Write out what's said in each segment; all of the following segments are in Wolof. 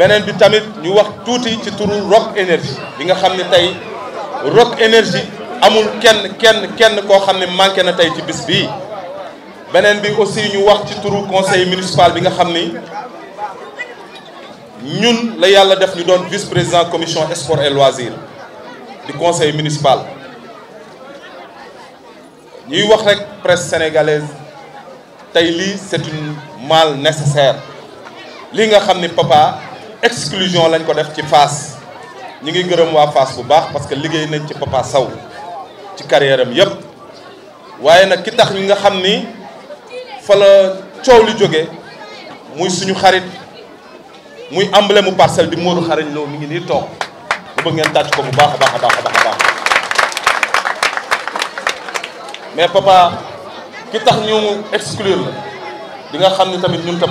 benen bi tamit ñu wax tuuti ci turu Rock Energy. bi nga xam ne tey Rock Energy, amul kenn kenn kenn koo xam ne manqué na tey ci bis bii beneen bi aussi ñu wax ci turu conseil municipal bi nga xam ni ñun la yàlla def ñu doon vice président commission sport et loisir di conseil municipal ñuy wax rek presse sénégalaise tey lii c'est une mal nécessaire li nga xam ni papa exclusion lañ ko def ci face ngi gërëm wa bu parce que liggéey nañ ci Papa saw ci carrière am carrière. waaye ki tax la li muy suñu xarit muy emblème parcelle di ngi nii toog bu bëgg ngeen tàcc ko bu mais papa ki tax ñu exclure la di nga xam tamit ñun tam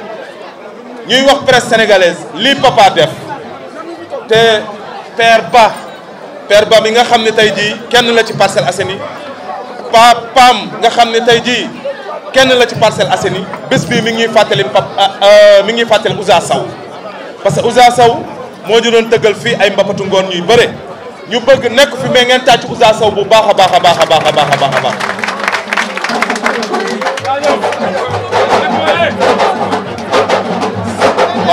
ñuy wax presse sénégalaise lii papa def te per Ba père Ba mi nga xam ne tey jii kenn la ci Parcelles Assainies pa Pam nga xam ne tey jii kenn la ci Parcelles Assainies bés bii mi ngi fàttali pap ah, ah, mi ngi fàttali Ousa Saw parce que Ousa Saw moo ñu doon tëggal fii ay mbapatu ngoon ñuy bëre ñu bëgg nekk fi mais ngeen tàcc Ousa Saw bu baax a baax a baax a baax a baax baax.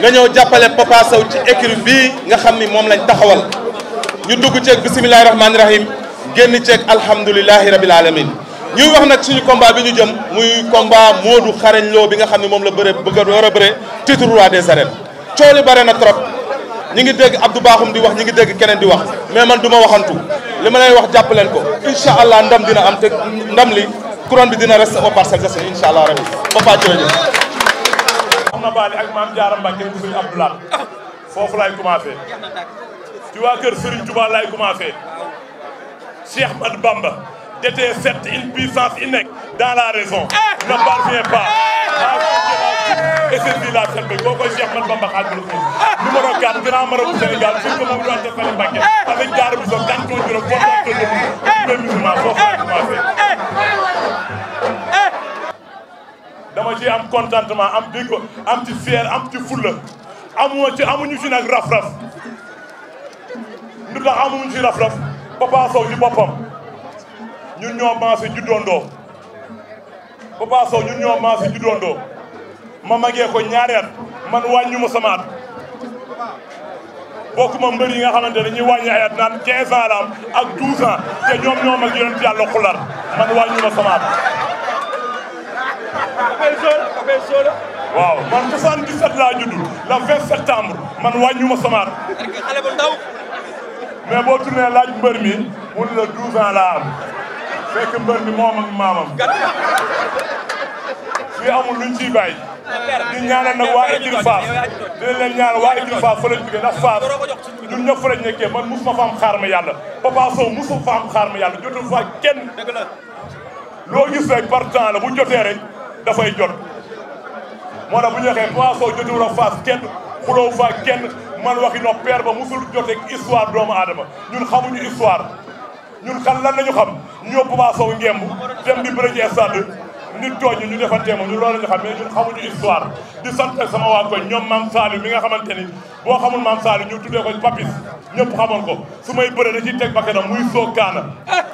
nga ñëw jàppale Papa Sow ci écurie bii nga xam ni moom lañ taxawal ñu dugg ceeg bisimilahi rahmaani rahim génn ceeg alhamdulilahi rabil alamin ñuy wax nag suñu combat bi ñu jëm muy combat Modou Xarañ Lo bi nga xam ne moom la bëre bëgg a war a bëre titre roi des arènes coow li bare na trop ñi ngi dégg Abdou Bakhoum di wax ñi ngi dégg keneen di wax mais man du ma waxantu li ma lay wax jàpp leen ko incha allah ndam dina am te ndam li couronne bi dina reste au Parcelles Assainies incha allah rabi Papa jërëjëf soxna Baali ak maam Jaara Mbàkke bu suñu Abdou foofu laay commencé ci waa kër Serigne Touba laay commencé Cheikh Ahmad Bamba était certes une puissance innée la raison eh! ne parvient pas à eh! asservir ah, la selbe koo koy Cheikh Ahmad Bamba xaadimu rasuul eh! numéro 4 grand marabout bu Sénégal suñ ko moom doonte Sali Mbàkke avec Jaara Buso kanton juróom foofu laay commencé dama ci am contentement am bi am ci fier am ci fulla amoo ci amuñu ci nag raf-raf lu tax amuñu ci raf-raf Papa Sow ci boppam ñun ñoo maase juddoondoo Papa Sow ñun ñoo maase doo ma magee ko ñaari at man wàññu ma sama at bokkuma mbër yi nga xamante ne ñuy wàññi ay at naan 15 ans la am ak 12 ans te ñoom ñoo mag yonent xular man wàññu ma sama waaw man 77 laa judd le 20 septembre man wàññuma samaat xale bu ndaw mais boo tourné laaj mbër mi mu ne la 12 ans laa am fekk mbër mi moom ak maamam fii amul luñ ciy bàyyi di ñaanal nag waa Idil Faaf dina leen ñaanal waa Idil Faaf fa lañ jógee ndax Faaf ñun ñëpp fa lañ nekkee man mosuma fa am xaar ma yàlla Papa Sow mosuma fa am xaar ma yàlla jotul fa kenn loo gis rek par temps la bu jotee rek dafay jot moo tax bu ñu waxee Papa Sow jotul a faas kenn xuloo fa kenn man waxi no père ba musul joteeg histoire doomu aadama ñun xamuñu histoire ñun xam lan lañu xam ñoo Papa Sow ngemb dem di bëre ci stade nit tooñ ñu defantee moom ñu loolu lañu xam mais ñun xamuñu histoire di sant sama waa koñ ñoom maam Saliou mi nga xamante ni boo xamul maam Saliou ñu tuddee ko papis ñëpp xamoon ko su may bëre da ciy teg bakkanam muy soo kaana